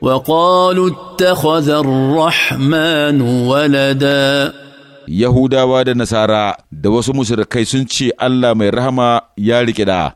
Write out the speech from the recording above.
وقالوا اتخذ الرحمن ولدا Yahudawa da Nasara da wasu mushrikai sun ce Allah mai rahama ya riƙe